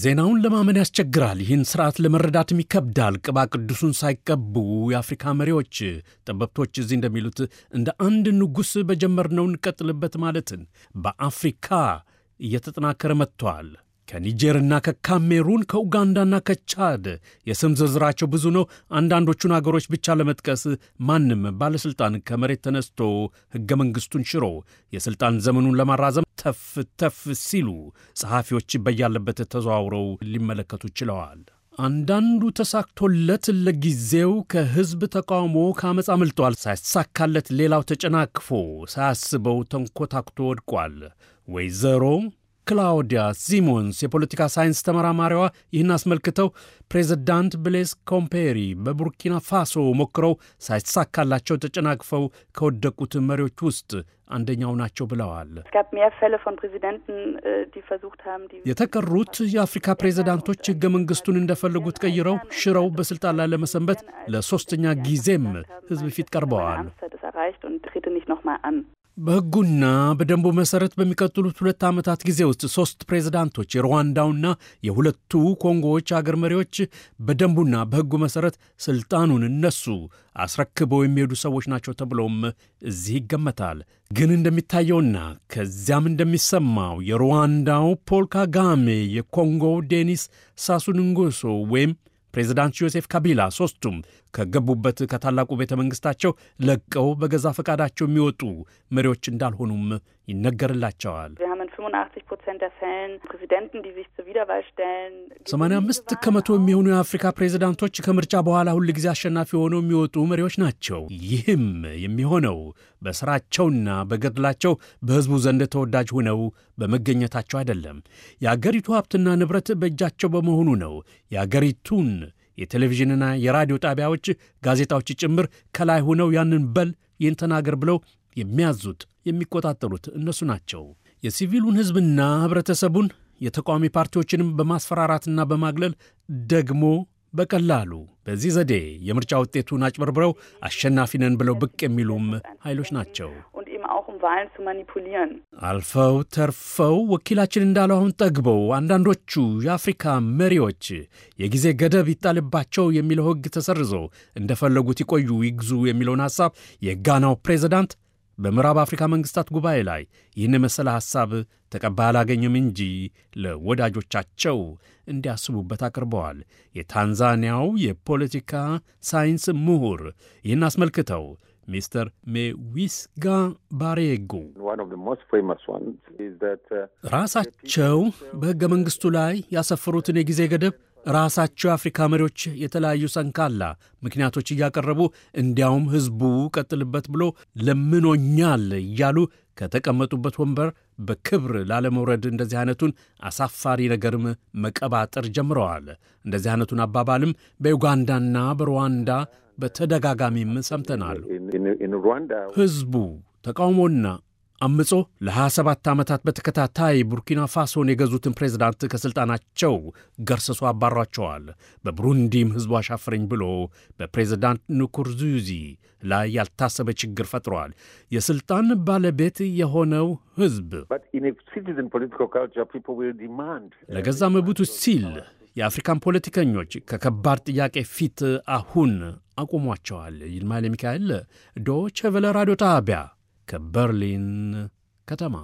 ዜናውን ለማመን ያስቸግራል። ይህን ስርዓት ለመረዳትም ይከብዳል። ቅባ ቅዱሱን ሳይቀቡ የአፍሪካ መሪዎች፣ ጠበብቶች እዚህ እንደሚሉት እንደ አንድ ንጉሥ በጀመርነው እንቀጥልበት ማለትን በአፍሪካ እየተጠናከረ መጥቷል። ከኒጀርና ከካሜሩን ከኡጋንዳና ከቻድ የስም ዝርዝራቸው ብዙ ነው። አንዳንዶቹን አገሮች ብቻ ለመጥቀስ ማንም ባለሥልጣን ከመሬት ተነስቶ ሕገ መንግሥቱን ሽሮ የሥልጣን ዘመኑን ለማራዘም ተፍ ተፍ ሲሉ ጸሐፊዎች በያለበት ተዘዋውረው ሊመለከቱ ችለዋል። አንዳንዱ ተሳክቶለት ለጊዜው ከሕዝብ ተቃውሞ ከአመፃ አምልጧል። ሳይሳካለት ሌላው ተጨናክፎ ሳያስበው ተንኮታክቶ ወድቋል። ወይዘሮ ክላውዲያ ሲሞንስ የፖለቲካ ሳይንስ ተመራማሪዋ ይህን አስመልክተው ፕሬዚዳንት ብሌስ ኮምፔሪ በቡርኪና ፋሶ ሞክረው ሳይሳካላቸው ተጨናግፈው ከወደቁት መሪዎች ውስጥ አንደኛው ናቸው ብለዋል። የተቀሩት የአፍሪካ ፕሬዚዳንቶች ህገ መንግስቱን እንደፈለጉት ቀይረው ሽረው በስልጣን ላይ ለመሰንበት ለሶስተኛ ጊዜም ህዝብ ፊት ቀርበዋል። በሕጉና በደንቡ መሰረት በሚቀጥሉት ሁለት ዓመታት ጊዜ ውስጥ ሦስት ፕሬዝዳንቶች የሩዋንዳውና የሁለቱ ኮንጎዎች አገር መሪዎች በደንቡና በሕጉ መሰረት ሥልጣኑን እነሱ አስረክበው የሚሄዱ ሰዎች ናቸው ተብሎም እዚህ ይገመታል። ግን እንደሚታየውና ከዚያም እንደሚሰማው የሩዋንዳው ፖል ካጋሜ የኮንጎው ዴኒስ ሳሱንንጎሶ ወይም ፕሬዚዳንት ዮሴፍ ካቢላ ሦስቱም ከገቡበት ከታላቁ ቤተ መንግሥታቸው ለቀው በገዛ ፈቃዳቸው የሚወጡ መሪዎች እንዳልሆኑም ይነገርላቸዋል። 85 Prozent der Fällen Präsidenten, die sich zur Wiederwahl stellen. 85 ከመቶ የሚሆኑ የአፍሪካ ፕሬዚዳንቶች ከምርጫ በኋላ ሁልጊዜ አሸናፊ ሆነው የሚወጡ መሪዎች ናቸው። ይህም የሚሆነው በስራቸውና በገድላቸው በህዝቡ ዘንድ ተወዳጅ ሆነው በመገኘታቸው አይደለም። የአገሪቱ ሀብትና ንብረት በእጃቸው በመሆኑ ነው። የአገሪቱን የቴሌቪዥንና የራዲዮ ጣቢያዎች፣ ጋዜጣዎች ጭምር ከላይ ሆነው ያንን በል ይህን ተናገር ብለው የሚያዙት የሚቆጣጠሩት እነሱ ናቸው። የሲቪሉን ህዝብና ህብረተሰቡን የተቃዋሚ ፓርቲዎችንም በማስፈራራትና በማግለል ደግሞ በቀላሉ በዚህ ዘዴ የምርጫ ውጤቱን አጭበርብረው አሸናፊ ነን ብለው ብቅ የሚሉም ኃይሎች ናቸው። um አልፈው ተርፈው ወኪላችን እንዳለው አሁን ጠግበው አንዳንዶቹ የአፍሪካ መሪዎች የጊዜ ገደብ ይጣልባቸው የሚለው ሕግ ተሰርዞ እንደፈለጉት ይቆዩ ይግዙ የሚለውን ሐሳብ የጋናው ፕሬዚዳንት በምዕራብ አፍሪካ መንግስታት ጉባኤ ላይ ይህን የመሰለ ሐሳብ ተቀባይ አላገኘም እንጂ ለወዳጆቻቸው እንዲያስቡበት አቅርበዋል። የታንዛኒያው የፖለቲካ ሳይንስ ምሁር ይህን አስመልክተው ሚስተር ሜዊስጋ ባሬጎ ራሳቸው በሕገ መንግሥቱ ላይ ያሰፈሩትን የጊዜ ገደብ ራሳቸው የአፍሪካ መሪዎች የተለያዩ ሰንካላ ምክንያቶች እያቀረቡ እንዲያውም ሕዝቡ ቀጥልበት ብሎ ለምኖኛል እያሉ ከተቀመጡበት ወንበር በክብር ላለመውረድ እንደዚህ አይነቱን አሳፋሪ ነገርም መቀባጠር ጀምረዋል። እንደዚህ አይነቱን አባባልም በዩጋንዳና በሩዋንዳ በተደጋጋሚም ሰምተናል። ሕዝቡ ተቃውሞና አምጾ ለ27 ዓመታት በተከታታይ ቡርኪና ፋሶን የገዙትን ፕሬዝዳንት ከሥልጣናቸው ገርስሶ አባሯቸዋል። በቡሩንዲም ሕዝቡ አሻፍረኝ ብሎ በፕሬዝዳንት ንኩርዙዚ ላይ ያልታሰበ ችግር ፈጥሯል። የሥልጣን ባለቤት የሆነው ሕዝብ uh, ለገዛ መብቱ ሲል የአፍሪካን ፖለቲከኞች ከከባድ ጥያቄ ፊት አሁን አቁሟቸዋል። ይልማ ሚካኤል ዶቼ ቬለ ራዲዮ ጣቢያ ከበርሊን ከተማ